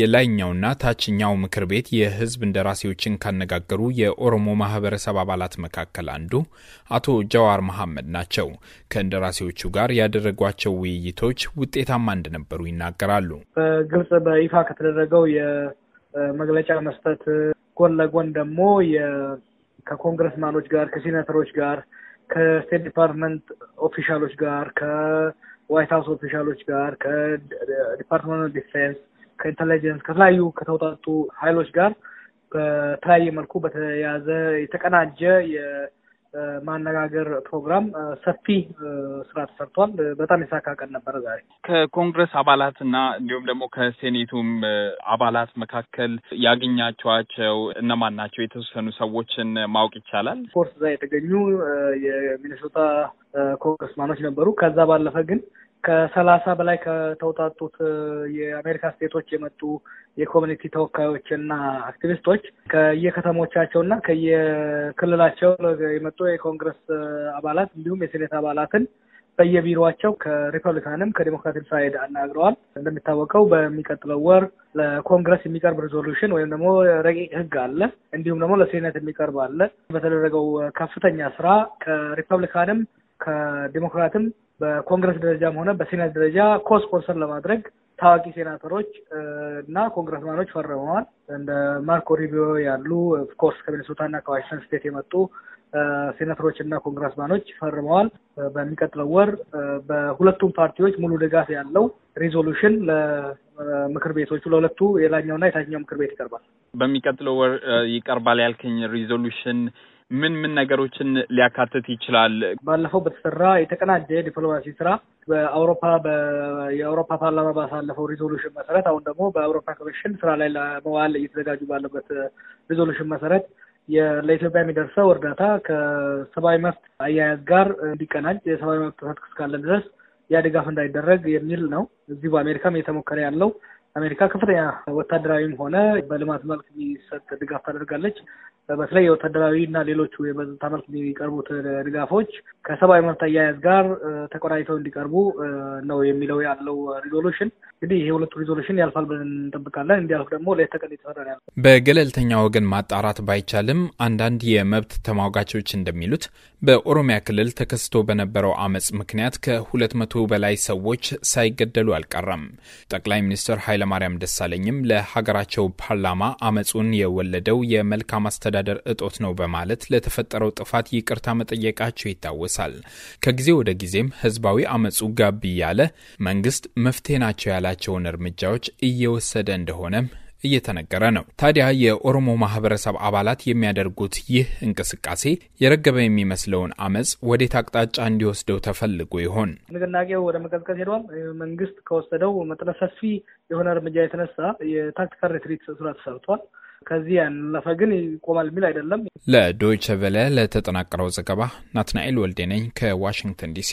የላይኛውና ታችኛው ምክር ቤት የህዝብ እንደራሴዎችን ካነጋገሩ የኦሮሞ ማህበረሰብ አባላት መካከል አንዱ አቶ ጀዋር መሐመድ ናቸው። ከእንደራሴዎቹ ጋር ያደረጓቸው ውይይቶች ውጤታማ እንደነበሩ ይናገራሉ። በግልጽ በይፋ ከተደረገው የመግለጫ መስጠት ጎን ለጎን ደግሞ ከኮንግረስማኖች ጋር፣ ከሴኔተሮች ጋር፣ ከስቴት ዲፓርትመንት ኦፊሻሎች ጋር፣ ከዋይት ሀውስ ኦፊሻሎች ጋር፣ ከዲፓርትመንት ዲፌንስ ከኢንተለጀንስ ከተለያዩ ከተውጣጡ ኃይሎች ጋር በተለያየ መልኩ በተያያዘ የተቀናጀ የማነጋገር ፕሮግራም ሰፊ ስራ ተሰርቷል። በጣም የሳካ ቀን ነበረ ዛሬ። ከኮንግረስ አባላት እና እንዲሁም ደግሞ ከሴኔቱም አባላት መካከል ያገኛቸዋቸው እነማን ናቸው? የተወሰኑ ሰዎችን ማወቅ ይቻላል? ኮርስ እዛ የተገኙ የሚኒሶታ ኮንግረስማኖች ነበሩ። ከዛ ባለፈ ግን ከሰላሳ በላይ ከተውጣጡት የአሜሪካ ስቴቶች የመጡ የኮሚኒቲ ተወካዮች እና አክቲቪስቶች ከየከተሞቻቸው እና ከየክልላቸው የመጡ የኮንግረስ አባላት እንዲሁም የሴኔት አባላትን በየቢሮቸው ከሪፐብሊካንም ከዲሞክራቲክ ሳይድ አናግረዋል። እንደሚታወቀው በሚቀጥለው ወር ለኮንግረስ የሚቀርብ ሪዞሉሽን ወይም ደግሞ ረቂቅ ሕግ አለ። እንዲሁም ደግሞ ለሴኔት የሚቀርብ አለ። በተደረገው ከፍተኛ ስራ ከሪፐብሊካንም ከዲሞክራትም በኮንግረስ ደረጃም ሆነ በሴናት ደረጃ ኮስፖንሰር ለማድረግ ታዋቂ ሴናተሮች እና ኮንግረስማኖች ፈርመዋል። እንደ ማርኮ ሪቢዮ ያሉ ኦፍኮርስ ከሚኒሶታ እና ከዋሽንግተን ስቴት የመጡ ሴናተሮች እና ኮንግረስማኖች ፈርመዋል። በሚቀጥለው ወር በሁለቱም ፓርቲዎች ሙሉ ድጋፍ ያለው ሪዞሉሽን ለምክር ቤቶቹ ለሁለቱ የላኛውና የታኛው ምክር ቤት ይቀርባል። በሚቀጥለው ወር ይቀርባል ያልከኝ ሪዞሉሽን ምን ምን ነገሮችን ሊያካትት ይችላል? ባለፈው በተሰራ የተቀናጀ ዲፕሎማሲ ስራ በአውሮፓ የአውሮፓ ፓርላማ ባሳለፈው ሪዞሉሽን መሰረት አሁን ደግሞ በአውሮፓ ኮሚሽን ስራ ላይ ለመዋል እየተዘጋጁ ባለበት ሪዞሉሽን መሰረት ለኢትዮጵያ የሚደርሰው እርዳታ ከሰብአዊ መብት አያያዝ ጋር እንዲቀናጅ የሰብአዊ መብት ጥሰት እስካለ ድረስ ያ ድጋፍ እንዳይደረግ የሚል ነው። እዚሁ በአሜሪካም እየተሞከረ ያለው አሜሪካ ከፍተኛ ወታደራዊም ሆነ በልማት መልክ የሚሰጥ ድጋፍ ታደርጋለች። በተለይ የወታደራዊ እና ሌሎቹ የበፀጥታ መልክ የሚቀርቡት ድጋፎች ከሰብአዊ መብት አያያዝ ጋር ተቆራኝተው እንዲቀርቡ ነው የሚለው ያለው ሪዞሉሽን። እንግዲህ ይሄ ሁለቱ ሪዞሉሽን ያልፋል ብለን እንጠብቃለን። እንዲያልፍ ደግሞ ሌት ተቀን የተሰራ ያለ በገለልተኛ ወገን ማጣራት ባይቻልም አንዳንድ የመብት ተሟጋቾች እንደሚሉት በኦሮሚያ ክልል ተከስቶ በነበረው አመፅ ምክንያት ከሁለት መቶ በላይ ሰዎች ሳይገደሉ አልቀረም። ጠቅላይ ሚኒስትር ኃይለማርያም ደሳለኝም ለሀገራቸው ፓርላማ አመፁን የወለደው የመልካም አስተዳደ አስተዳደር እጦት ነው በማለት ለተፈጠረው ጥፋት ይቅርታ መጠየቃቸው ይታወሳል። ከጊዜ ወደ ጊዜም ህዝባዊ አመፁ ጋብ እያለ መንግስት መፍትሄ ናቸው ያላቸውን እርምጃዎች እየወሰደ እንደሆነም እየተነገረ ነው። ታዲያ የኦሮሞ ማህበረሰብ አባላት የሚያደርጉት ይህ እንቅስቃሴ የረገበ የሚመስለውን አመፅ ወዴት አቅጣጫ እንዲወስደው ተፈልጎ ይሆን? ንቅናቄው ወደ መቀዝቀዝ ሄዷም መንግስት ከወሰደው መጠነ ሰፊ የሆነ እርምጃ የተነሳ የታክቲካል ሬትሪት ስራ ተሰርቷል። ከዚህ ያለፈ ግን ይቆማል የሚል አይደለም። ለዶይቸ ቬለ ለተጠናቀረው ዘገባ ናትናኤል ወልዴ ነኝ ከዋሽንግተን ዲሲ።